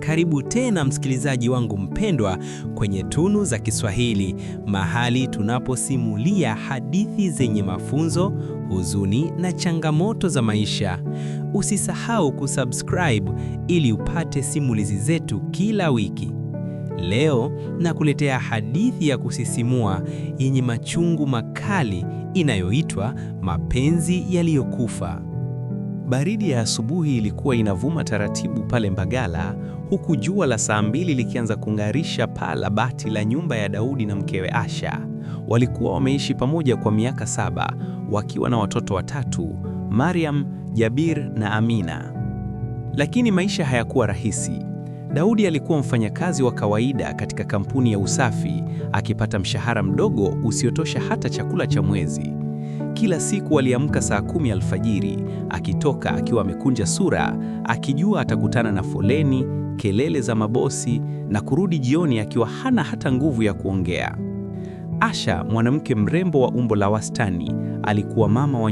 Karibu tena msikilizaji wangu mpendwa kwenye Tunu za Kiswahili, mahali tunaposimulia hadithi zenye mafunzo, huzuni na changamoto za maisha. Usisahau kusubscribe ili upate simulizi zetu kila wiki. Leo nakuletea hadithi ya kusisimua yenye machungu makali inayoitwa Mapenzi Yaliyokufa. Baridi ya asubuhi ilikuwa inavuma taratibu pale Mbagala, huku jua la saa mbili likianza kung'arisha paa la bati la nyumba ya Daudi na mkewe Asha. Walikuwa wameishi pamoja kwa miaka saba, wakiwa na watoto watatu, Mariam, Jabir na Amina. Lakini maisha hayakuwa rahisi. Daudi alikuwa mfanyakazi wa kawaida katika kampuni ya usafi, akipata mshahara mdogo usiotosha hata chakula cha mwezi. Kila siku aliamka saa kumi alfajiri, akitoka akiwa amekunja sura, akijua atakutana na foleni, kelele za mabosi na kurudi jioni akiwa hana hata nguvu ya kuongea. Asha, mwanamke mrembo wa umbo la wastani, alikuwa mama wa